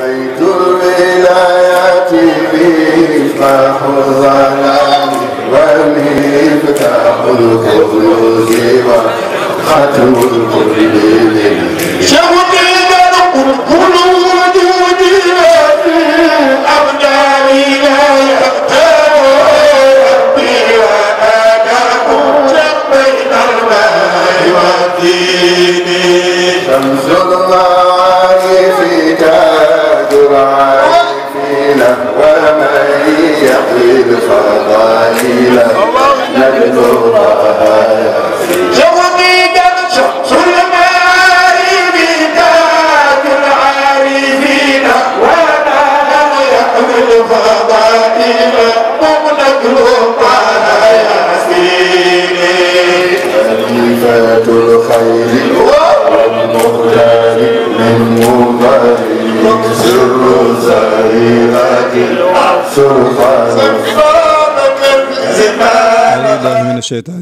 بيت الولاية مفتاح الظلام ومفتاح الخلود وختم الكل الفضائل نبلغ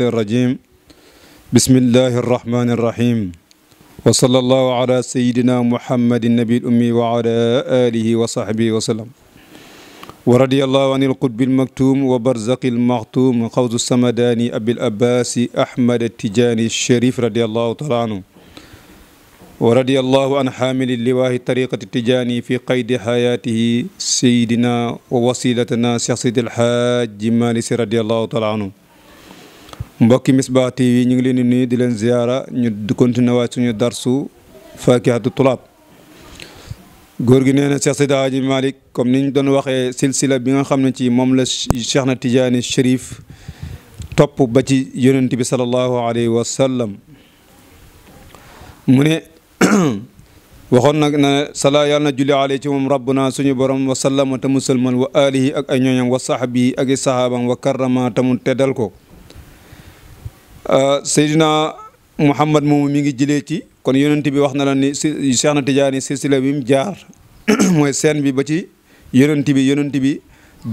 الرجيم بسم الله الرحمن الرحيم وصلى الله على سيدنا محمد النبي الأمي وعلى آله وصحبه وسلم ورضي الله عن القطب المكتوم وبرزق المختوم قوز السمداني أبي الأباس أحمد التجاني الشريف رضي الله تعالى عنه ورضي الله عن حامل اللواء طريقة التجاني في قيد حياته سيدنا ووسيلتنا شخصية الحاج مالس رضي الله تعالى عنه mbokki Misbah TV ñu ngi leen di nuyu di leen ziyaara ñu di continuer waay suñu darsu faakihatu tulaab góor gi nee na Cheikh Seydi comme ni doon waxee silsila bi nga xam ne ci moom la Cheikh na Tijaani Chérif topp ba ci yonent bi sallallahu alayhi wa sallam mu ne waxoon nag na salaa yàlla na julli alayhi ci moom rabbuna suñu borom wa sallama te musalman wa alihi ak ay ñooñam wa sahbi ak i sahaabam wa karrama te mu teddal ko Euh, Seydina Muhammad moomu mi ngi jëlee ci kon yonent bi wax na la ni Cheikh na Tidiane bi mu jaar mooy seen bi ba ci yonent bi yonent bi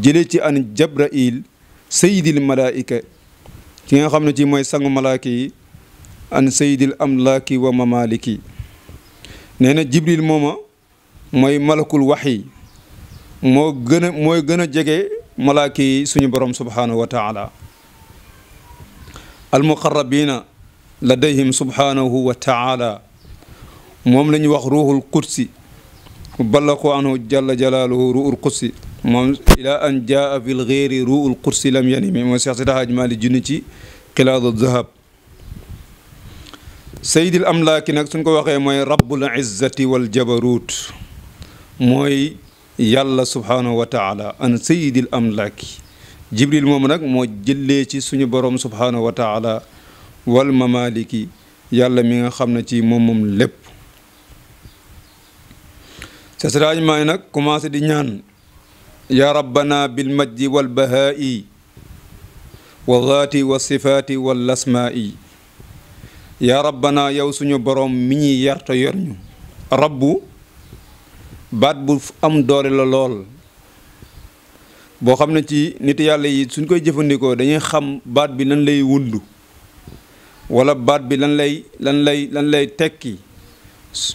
jëlee ci an Jabrail Seydil Malaika ki nga xam ne ci mooy sangu malaaka yi an Seydil Amlaaki wa Mamaliki nee na Jibril mooma mooy malakul waxyi moo gën a mooy gën a jege malaaka suñu borom subhanahu wa almuqarrabiina ladayhim subhaanahu wa taala moom la ñu wax ruuxul qudsi ballaqu anhu jalla jalaaluhu ruul qudsi moom ila an jaa fi lxeeri ruul qudsi lam yanimi mooy Seex Seydi Hajji Maalik junni ci xilaadu zahab sayyidil amlaaki nag suñ ko waxee mooy rabbul izzati wal jabaruut mooy yàlla subhaanahu wa taala an sayyidil amlaaki جبريل موم نك مو جيللي سي سونو بوروم سبحانه وتعالى والمماليكي يالله ميغا خامنا سي موم موم لب سسراج ماي نك كوماسي دي يا ربنا بالمجد والبهاء والذات والصفات والاسماء يا ربنا يا سونو بوروم ميني يارتا ربو بات بو ام دوري لول boo xam ne ci nit yàlla yi suñ koy jëfandikoo dañuy xam baat bi lan lay wund wala baat bi lañ lay lan lay lan lay tekki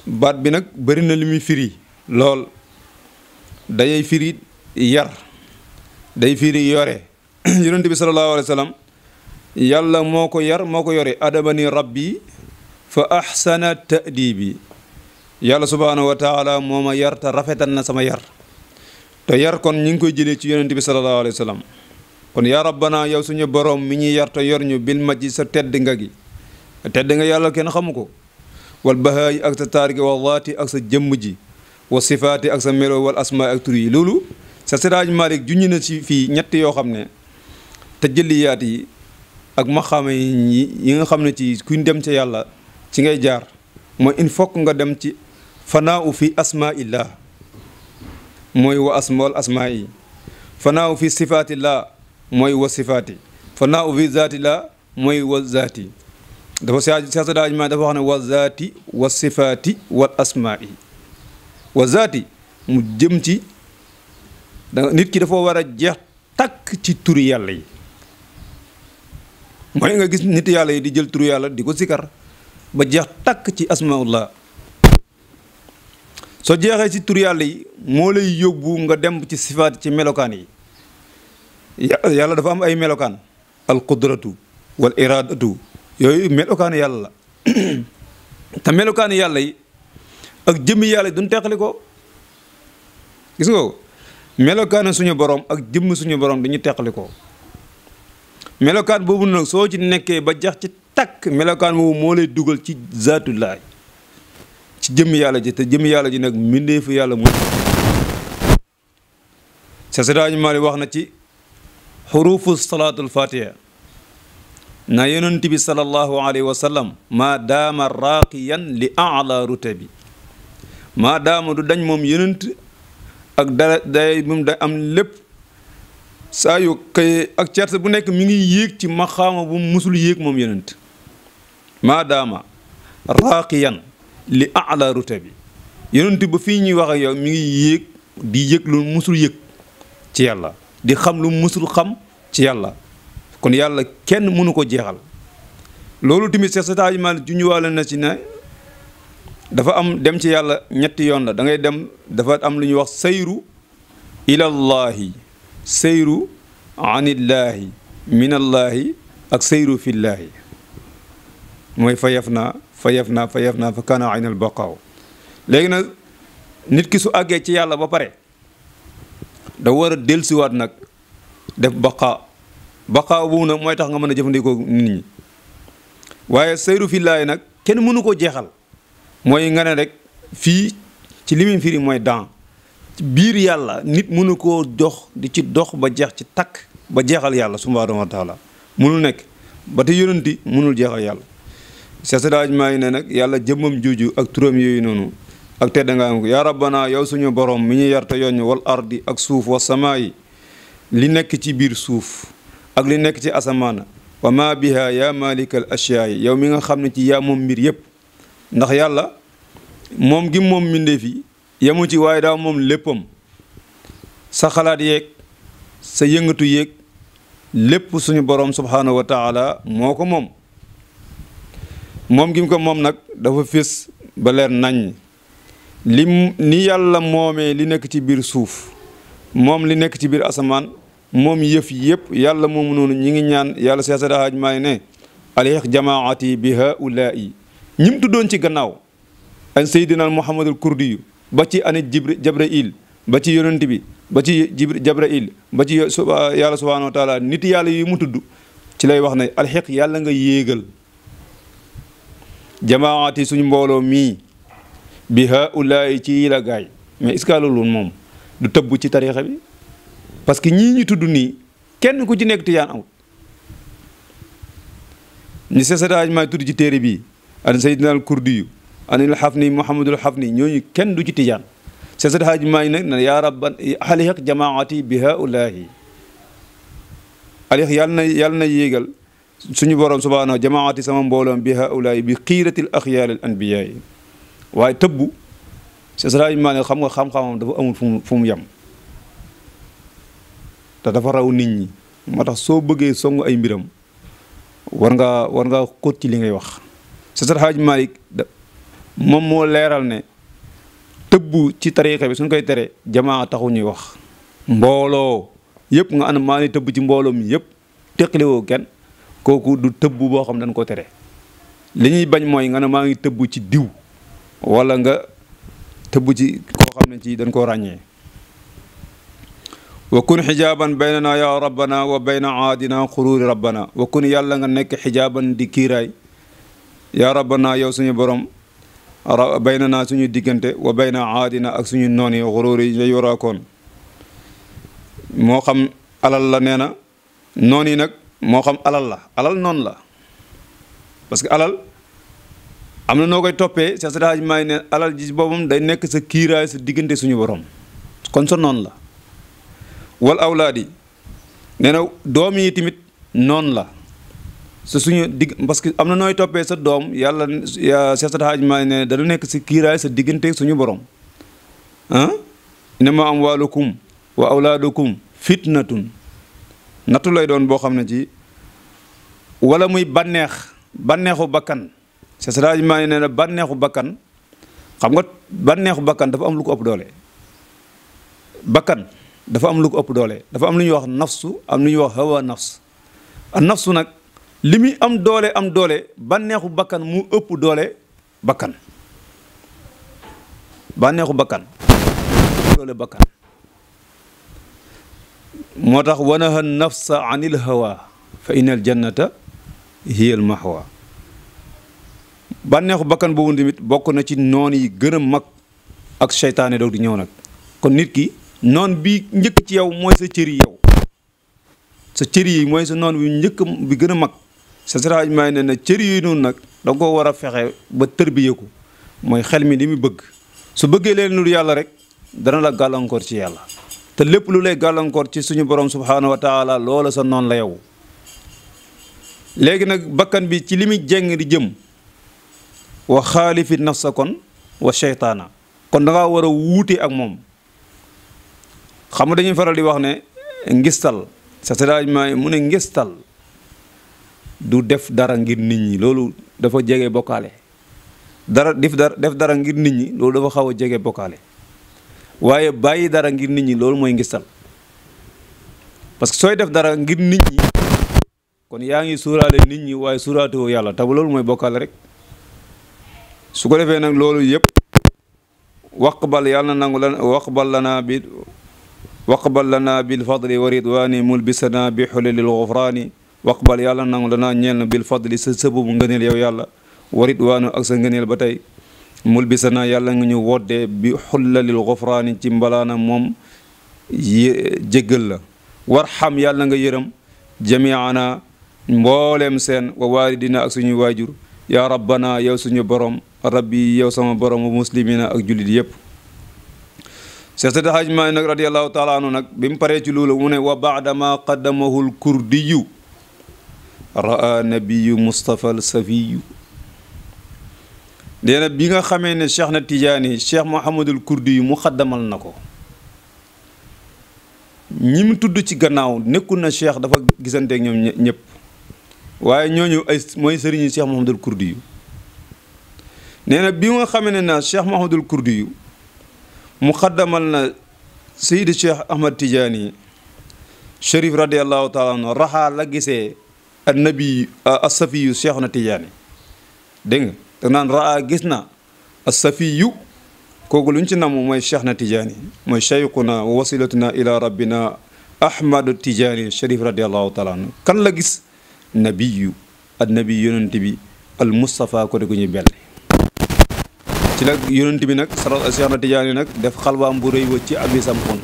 baat bi nag bari na li muy firi lool dañuy firi yar day firi yore yonent bi sallallahu alayhi wa sallam yàlla moo ko yar moo ko yore adabani rabbi fa ahsana ta'dibi yàlla subhaanahu wa taala moo ma yar te rafetal na sama yar te yar kon ñu ngi koy jëlee ci yonent bi sallallahu alayhi wa sallam kon yow suñu borom mi ñuy yar yor ñu bil majji sa tedd nga gi tedd nga yàlla kenn xamu ko wal bahaayi ak sa taar gi ak sa jëmm ji wa ak sa melo wal asmaa ak yi loolu sa siraaj Malik juñu na ci fii ñett yoo xam ne te yaat yi ak maxaama yi ñi nga xam ne ci kuñ dem ca yàlla ci ngay jaar mooy il faut nga dem ci fanaawu u fi asmaa illa موي واسماء الاسماءي فناء في صفات الله موي وصفاتي فناء في ذات الله موي وذاتي دا فا سياسه دا اجماع دا فخنا وذاتي وصفاتي والاسماء وذاتي مجمتي دا نيت كي دا فا ورا جيخ تاك تي تور يالا موي nga gis nit yalla yi di jël tour yalla diko sikar ba jeex tak ci asma allah soo jeexee ci tur yàlla yi moo lay yóbbu nga dem ci sifaat ci melokaan yi yàlla dafa am ay melokaan al qudratu wal iradatu yooyu melokaan yàlla la te melokaan yàlla yi ak jëmmi yàlla yi duñ teqali ko gis ko melokaan suñu borom ak jëmm suñu borom dañu teqali ko melokaan boobu nag soo ci nekkee ba jax ci takk melokaan boobu moo lay dugal ci zaatullaay ci jëmm yàlla ji te jëmm yàlla ji nag mbindeefu yàlla mu sa sedaañu maali wax na ci xurufu salaatul fatiha na yonent bi salallahu alayhi wa sallam maa daama raaqiyan li ala rute bi maa daama du dañ moom yonent ak dara day moom day am lépp saa yu kay ak certe bu nekk mi ngi yéeg ci maxaama bu musul yéeg moom yonent maa daama raaqiyan li ala ruta bi yonent ba fii ñuy wax ak yow mi ngi yéeg di yëg lu musul yëg ci yàlla di xam lu musul xam ci yàlla kon yàlla kenn mënu ko jeexal loolu tamit Seex Seydi Hajji Maalik ju ñuwaale na ci ne dafa am dem ci yàlla ñetti yoon la da dem dafa am lu ñuy wax sayru ilallaahi sayru anillaahi minallaahi ak sayru fillaahi mooy fayaf naa fa yaf naa fa yaf naa fa kaana aynal baqaaw léegi nag nit ki su àggee ci yàlla ba pare da war a dellusiwaat nag def baqaa baqaa boobu nag mooy tax nga mën a jëfandikoo nit ñi waaye sayru fillaahi nag kenn mënu koo jeexal mooy nga ne rek fii ci li muy firi mooy dans biir yàlla nit mënu koo dox di ci dox ba jeex ci takk ba jeexal yàlla subhaanahu wa taala mënul nekk ba te yonanti mënul jeexal yàlla Cheikh Sadaj maa ngi ne nag yàlla jëmmam juuju ak turam yooyu noonu ak tedd nga yaa rabbana yow suñu boroom mi ñu yarta yoññ wal ardi ak suuf wa samaa yi li nekk ci biir suuf ak li nekk ci asamaana wa ma biha yaa malikal ashiyaa yi yow mi nga xam ne ci yaa moom mbir yépp ndax yàlla moom gi moom mbindeef yi ci waaye daa moom léppam sa xalaat yeeg sa yëngatu yeeg lépp suñu borom subhaanahu wa taala moo ko moom moom gi ko moom nag dafa fés ba leer nañ li ni yàlla moomee li nekk ci biir suuf moom li nekk ci biir asamaan moom yëf yëpp yàlla moomu noonu ñi ngi ñaan yàlla seesa dahaaj maa ngi ne alyeex jamaati bi haulaa'i ñi tuddoon ci gannaaw an seydinal muhammadul kurdi yu ba ci anit jibri jabrail ba ci yonent bi ba ci jibri jabrail ba ci yàlla subhaanahu wa nit yàlla yi mu tudd ci lay wax ne alxeq yàlla nga yéegal jamaati suñu mbooloo mii bi haulaay ci la gaay mais est ce que moom du tëbb ci tariixa bi parce que ñii ñu tudd nii kenn ku ci nekk tijaan amut ñu sesadaaj maa tudd ci téere bii an sayyidina al kurdiyu anil xafni muhammadul xafni ñooñu kenn du ci tijaan sesad haaj maa nag na yaa rabban xaliq jamaati bi haulaay alix yàlla na yàlla na yéegal suñu borom subhanahu jamaati sama mbooloom bi haula bi qiratil axyaar al anbiya way tebbu tëbbu c'est ça maanaam xam nga xam xam dafa amul fum fum yam mu dafa raw nit ñi motax so soo songu ay mbiram war nga war nga ko ci li ngay wax Seydi Hajj malik mom mo leral ne tebbu ci bi suñ koy téré jamaa taxu ñuy wax mbolo yep nga an mani tebbu ci mbolom mi yëpp teqaliwoo kenn kooku du tëbb boo xam dañ ko tere li ñuy bañ mooy nga ne maa ngi tëbb ci diw walla nga tëbb ci koo xam na ci dañ koo ràññee wa kun xijaaban baynana ya rabbana wa bayna aadina xuruuri rabbana wa kun yàlla nga nekk xijaaban di kiiraay ya rabbana yow suñu borom baynana suñu diggante wa bayna aadina ak suñu noon yi xuruuri yoyu moo xam alal la nee na noon yi nag moo xam alal la alal noon la parce que alal am na noo koy toppee sa sadaaj maay ne alal ji boobam day nekk sa kiiraay sa diggante suñu boroom kon sa noon la wal awlaad yi nee na doom yi tamit noon la sa suñu digg parce que am na nooy toppee sa doom yàlla sa sadaaj maay ne dana nekk si kiiraay sa diggante suñu borom ah inama amwaalukum wa awlaadukum fitnatun nattu lay doon boo xam ne ci wala muy bànneex bànneexu bakkan c'est ça maa ngi ne bànneexu bakkan xam nga bànneexu bakkan dafa am lu ko ëpp doole bakkan dafa am lu ko ëpp doole dafa am lu ñuy wax nafsu am lu ñuy wax hawa nafs nafsu nag li muy am doole am doole bànneexu bakkan mu ëpp doole bakkan bànneexu bakkan doole bakkan moo tax wanaha nafsa an il hawa fa in al jannata hiya al mahwa bànneexu bakkan boobu tamit bokk na ci noon yi gën mag ak seytaane daw di ñëw nag kon nit ki noon bi njëkk ci yow mooy sa cër yi yow sa cër yi mooy sa noon bi njëkk bi gën a mag sa saraaj ne na cër yooyu noonu nag danga ko war a fexe ba tërbiye ko mooy xel mi li muy bëgg su bëggee leen lu yàlla rek dana la gàllankoor ci yàlla te lépp lu lay gàllankoor ci suñu borom subhaanahu wa taala loola sa noon la yow léegi nag bakkan bi ci li muy jeng di jëm wa xaalifi nafsa kon wa seytaana kon da war a wuute ak moom xam nga dañuy faral di wax ne ngistal sa séddaaj mu ne ngistal du def dara ngir nit ñi loolu dafa jege bokkaale dara def dara ngir nit ñi loolu dafa xaw a jege bokkaale waaye bàyyi dara ngir nit ñi loolu mooy ngistal parce que sooy def dara ngir nit ñi kon yaa ngi suuraale nit ñi waaye suuraate woo yàlla te loolu mooy bokkaale rek su ko defee nag loolu yëpp bal yàlla na nangu lan waqbal lana bi waqbal lana bil fadli wa ridwani mulbisana bi xulelil xufraani waqbal yàlla nangu lanaa ñeel na bil fadli sa sëbu ngëneel yàlla wa ridwaanu ak sa ngëneel ba tey mulbisana yàlla nga ñu woddee bi xullalil xufraani ci mbalaana moom jéggal la warxam yàlla nga yërëm jamiana mbooleem seen wa waalidina ak suñu waajur yaa rabbana yow suñu borom rabbi yow sama borom wa muslimina ak jullit yépp Seex Seydi Hajji Maalik nag radiallahu taala anhu nag bi mu paree ci loolu mu ne wa baadama qaddamahul kurdiyu raa nabiyu mustapha al safiyu nee na bi nga xamee ne Cheikh na Tijaani Cheikh Mouhamadul Kurdi yu mu xaddamal na ko ñi mu tudd ci gannaaw nekkul na Cheikh dafa gisante ak ñoom ñëpp waaye ñooñu ay mooy sëriñu Cheikh Mouhamadul Kurdi yu nee bi nga xamee ne na Cheikh Mouhamadul Kurdi yu mu xaddamal na Seydi Cheikh Ahmad Tijaani Cherif radiallahu taala anhu raxaa la gisee annabi asafiyu Cheikh na Tijaani dégg da naan raa gis na asafiyu kooku lu ñu ci namm mooy cheikh na tijaani mooy cheikhuna wa wasilatuna ila la gis nabiyu ad nabi yonent bi al mustapha ko de ku ñuy belle ci nag yonent bi nag sara cheikh na tijaani nag def xalwaam bu rëy wa ci abisam xon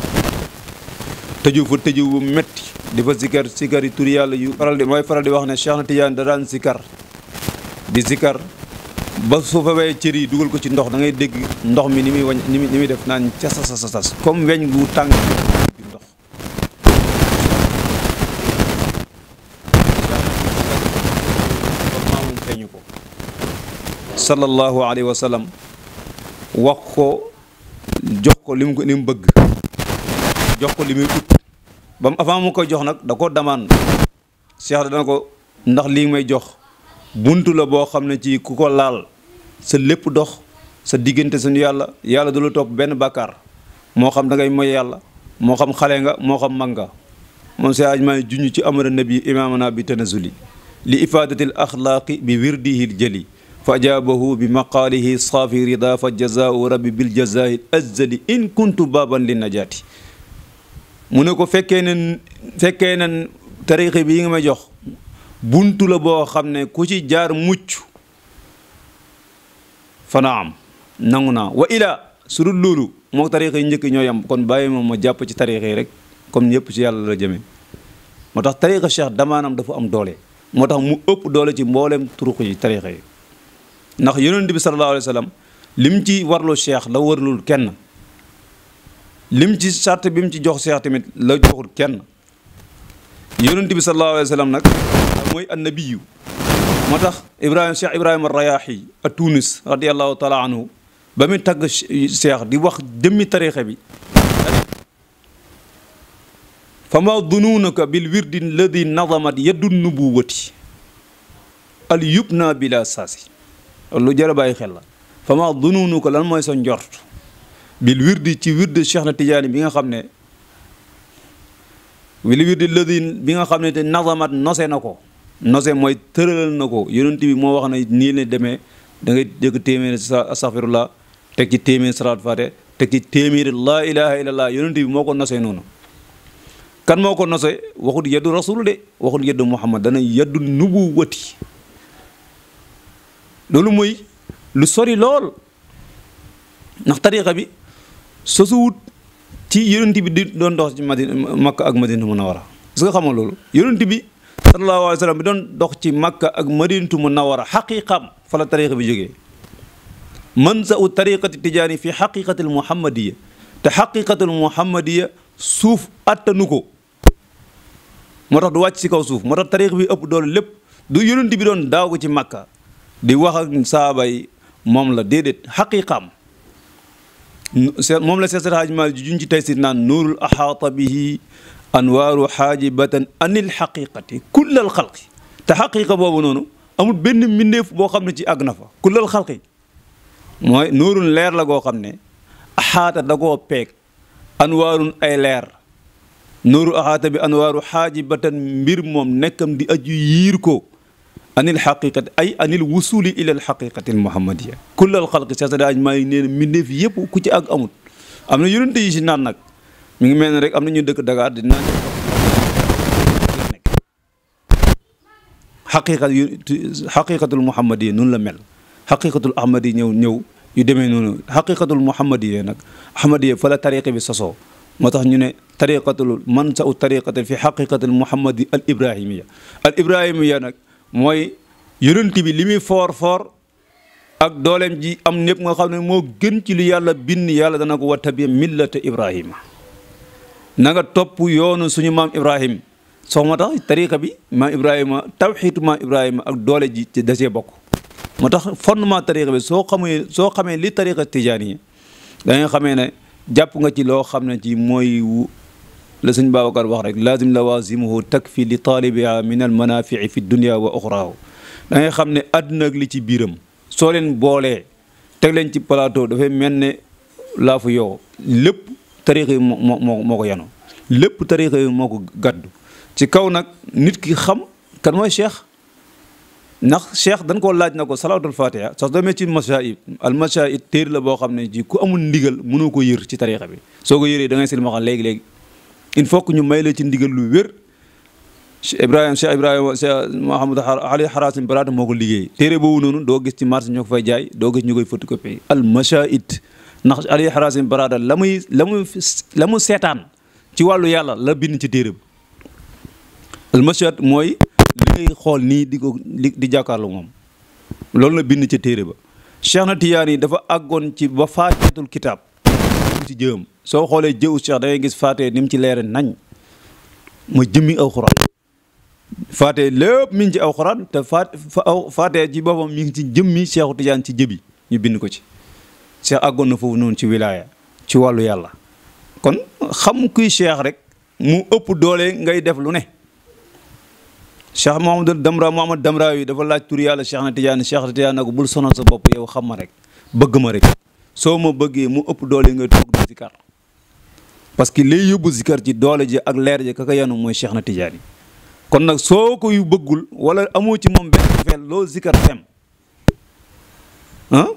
tëju fa tëju bu metti di fa sikar sikar yi di mooy faral di wax ne cheikh na tijaani da daan sikar di sikar ba soo fa wee cër yi dugal ko ci ndox dangay dégg ndox mi ni muy wañ ni muy def naan ca sas sas comme weñ gu tàng bi ndox maamum feeñu ko sallallahu alayhi wa sallam wax ko jox ko li mu ko ni mu bëgg jox ko li muy ut ba mu avant mu koy jox nag da ko demande Cheikh dana ko ndax lii may jox bunt la boo xam ne ci ku ko laal sa lépp dox sa diggante suñu yàlla yàlla du la topp benn bàkkaar moo xam dangay ngay moy yàlla moo xam xale nga moo xam mag nga moom saaj maa ngi ci amara nabi imaamana bi tanazuli li ifaadatil axlaaqi bi wirdihil jëli fa ajaabahu bi maqaalihi saafi rida fa jazaau rabbi bil jazail azali in kuntu baaban li najaati mu ne ko fekkee ne fekkee ne tariixi bi yi nga may jox buntu la boo xam ne ku ci jaar mucc fana am nangu naa wa ilaa su dul loolu moo tariix yi njëkk ñoo yem kon bàyyi ma ma jàpp ci tariix yi rek comme ñëpp ci yàlla la jëme moo tax tariixa cheikh damaanam dafa am doole moo tax mu ëpp doole ci mbooleem turuq yi tariixa yi ndax yonent bi sallallahu alayhi wa sallam lim ci warlu cheikh la warlul kenn lim ci sart bi mu ci jox cheikh tamit la joxul kenn yonent bi sallallahu alayhi wa sallam nag mooy annabiyu moo tax Ibrahima Cheikh Ibrahima Rayaahi a Tunis radiallahu taala anhu ba muy tagg Cheikh di wax jëmmi tarixa bi fa ma dunuunaka bil wirdi alladi nadamat yaddu nubuwati al yubna bila saasi lu jërë bàyyi xel la fa ma dunuunuka lan mooy sa njort bil wirdi ci wirdi Cheikh na Tijaani bi nga xam ne wili wirdi ladin bi nga xam ne te nazamat nose na ko nose mooy tëralal na ko yonent bi moo wax ne nii ne demee da ngay dégg téeméeri astaghfirullah teg ci téeméeri salaat faate teg ci téeméeri laa ilaha illallah yonent bi moo ko nosee noonu kan moo ko nosee waxut yeddu rasul de waxut yeddu muhammad dana yeddu nubuwati loolu mooy lu sori lool ndax tariqa bi sosuwut ci yonent bi di doon dox ci Madina Makka ak Madina Munawara parce que xam nga loolu yonent bi sallallahu alayhi wa sallam bi doon dox ci Makka ak Madinatu Munawara xaqiqam fa la tariqa bi jóge man sa u tariqati tijaani fi xaqiqatil muhammadiya te xaqiqatul muhammadiya suuf attanu ko moo tax du wàcc ci kaw suuf moo tax tariq bi ëpp doole lépp du yonent bi doon daaw ko ci Makka di wax ak saaba yi moom la déedéet xaqiqam moom la Seex Alhaaj Maalik ji juñ ci tey si naan nuurul axaata bihi anwaaru xaajibatan anil xaqiqati kullal xalqi te xaqiqa boobu noonu amul benn mbindeef boo xam ne ci àgg na fa kullal xalqi mooy nuurun leer la goo xam ne axaata da koo peeg anwaarun ay leer nuuru axaata bi anwaaru xaajibatan mbir moom nekkam di aju yiir ko anil xaqiqati ay anil wusuli ila al xaqiqati al muhammadiya kullal xalqi sasada aj maa ngi nee na mbindeef yëpp ku ci ak amut am na yonente yi si naan nag mi ngi mel ne rek am na ñu dëkk Dakar di naan xaqiqat xaqiqatul muhammadiya noonu la mel xaqiqatul ahmadi ñëw ñëw yu demee noonu xaqiqatul muhammadiya nag ahmadiya fa fala tariqa bi sosoo moo tax ñu ne tariqatul man sa u tariqatul fi xaqiqatul muhammadi al ibrahimiya al ibrahimiya nag mooy yonent bi li muy foor foor ak dooleem ji am ñëpp nga xam ne moo gën ci li yàlla bind yàlla dana ko wattabi millata ibrahima na nga topp yoonu suñu maam ibrahim soo moo tax tariqa bi maam ibrahima tawxiitu maam ibrahima ak doole ji ci desee bokk moo tax fondement tariqa bi soo xamee soo xamee li tariqa tijaani yi da nga xamee ne jàpp nga ci loo xam ne ci mooy لسن باوكر وخرك لازم لوازمه تكفي لطالب من المنافع في الدنيا واخرى دا ناي خامني ادنا لي تي بيرم سولين بوله تك لين تي بلاطو دا في ملني لاف يو لب تاريخ موكو يانو لب تاريخ موكو غادو تي كاو نك نيت كي خام كان موي شيخ نخ شيخ دا نكو لاج نكو صلاه الفاتحه سو دمي تي مشايب المشايب تير لا بو خامني جي كو امون ديغل منوكو يير تي تاريخ بي سوكو ييري دا ناي سيل مخا ليك ليك il faut que ñu may la ci ndigal lu wér Cheikh Ibrahima Cheikh Ibrahima Cheikh Mouhamadou Ali Harasim Barata moo ko liggéey téere boobu noonu doo gis ci marché ñoo ko fay jaay doo gis ñu koy photocopie al mashaa'it ndax Ali Harasim Barata la muy la muy la mu seetaan ci wàllu yàlla la bind ci téere bi al mashaa'it mooy li ngay xool nii di ko di jàkkaarloo moom loolu la bind ci téere ba Cheikh na Tiyaani dafa àggoon ci ba faatihatul kitaab ci jëwam soo xoolee jëwu Cheikh da gis faatee ni mu ci leere nañ mooy jëmmi aw xuraan faatee lépp mi ci aw xuraan te faat faatee ci boppam mi ngi ci jëmmi Cheikhu Tidiane ci jëbi ñu bind ko ci Cheikh àggoon na foofu noonu ci wilaaya ci wàllu yàlla kon xam kuy Cheikh rek mu ëpp doole ngay def lu ne Cheikh Mouhamadou Damra Mouhamad Damra yi dafa laaj tur yàlla Cheikh na Tidiane Cheikh na Tidiane na ko bul sonal sa bopp yow xam ma rek bëgg ma rek soo ma bëggee mu ëpp doole nga toog di zikar parce que liy yóbbu zikar ci doole ji ak leer ji kaka yanu mooy Cheikh na Tijaani kon nag soo ko bëggul wala amoo ci moom benn feel loo zikar fem ah?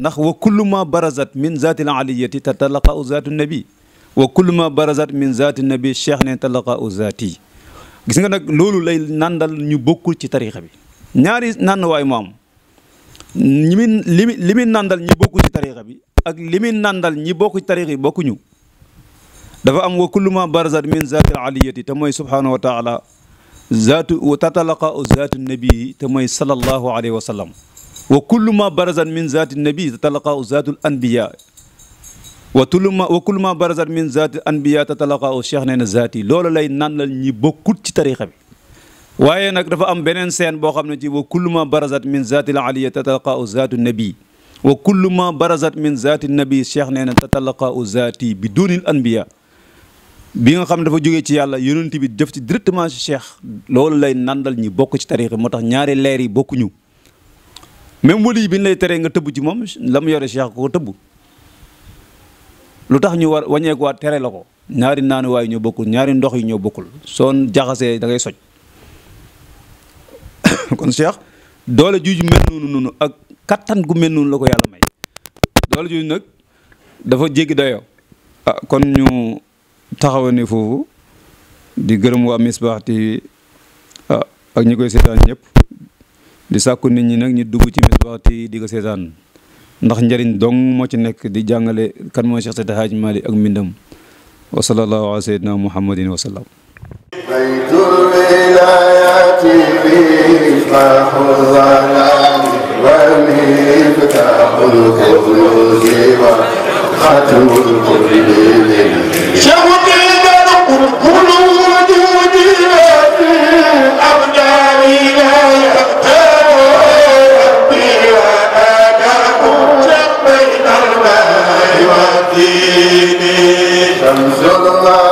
ndax wa kullu ma barazat min zaati aliyati tatalaqa u zaatu nabi wa kullu ma barazat min zaati nabi cheikh ne talaqa u zaati gis nga nag loolu lay nàndal ñu bokkul ci tarixa bi ñaari nànd waay mu am ñi muy li muy li muy nàndal ñi bokku ci tariixa bi ak li muy nàndal ñi bokku ci tariixa bi bokkuñu dafa am wa kullu ma barazat min zaati aliyati te mooy subhaanahu wa taala zaatu wa tatalaqa zaatu nabii te mooy sallallahu alayhi wa sallam wa kullu ma barazat min zaati nabii tatalaqa zaatu anbiya wa tullu ma wa kullu ma barazat min zaati anbiya tatalaqa cheikh nee na zaati loolu lay nàndal ñi bokkut ci tariixa bi waye nak dafa am benen seen bo xamne ci wa kullu ma barazat min zaati aliya tatalaqaau zaatu nabi wa kullu ma barazat min zaati nabi sheikh nee na zati biduni al anbiya bi nga xamne dafa joge ci yàlla yonenti bi def ci directement ci sheikh lolou lay nandal ñi bokku ci tariikh motax ñaari leer yi bokku ñu même wali biñ lay téré nga tebbu ci mom lam yore sheikh ko tebbu lutax ñu wañé ko tere lako ñaari nanu way ñu bokku ñaari ndox yi ñu bokul son jaxase da ngay soj kon Cheikh doole juuju mel noonu noonu ak kàttan gu mel noonu la ko yàlla may doole juuju nag dafa jéggi dayoo ah kon ñu taxawa ne foofu di gërëm waa Misbah TV ah, ak ñi koy seetaan ñëpp di sàkku nit ñi nag ñu dugg ci Misbah TV di ko seetaan ndax njëriñ dong moo ci nekk di jàngale kan mooy Cheikh Seydi Hadji ak mbindam wa sallallahu ala sayyidina muhammadin wa sallam Alhamdulillah.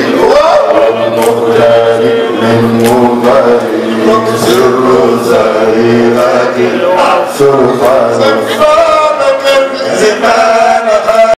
الخير زائرة سبحان الله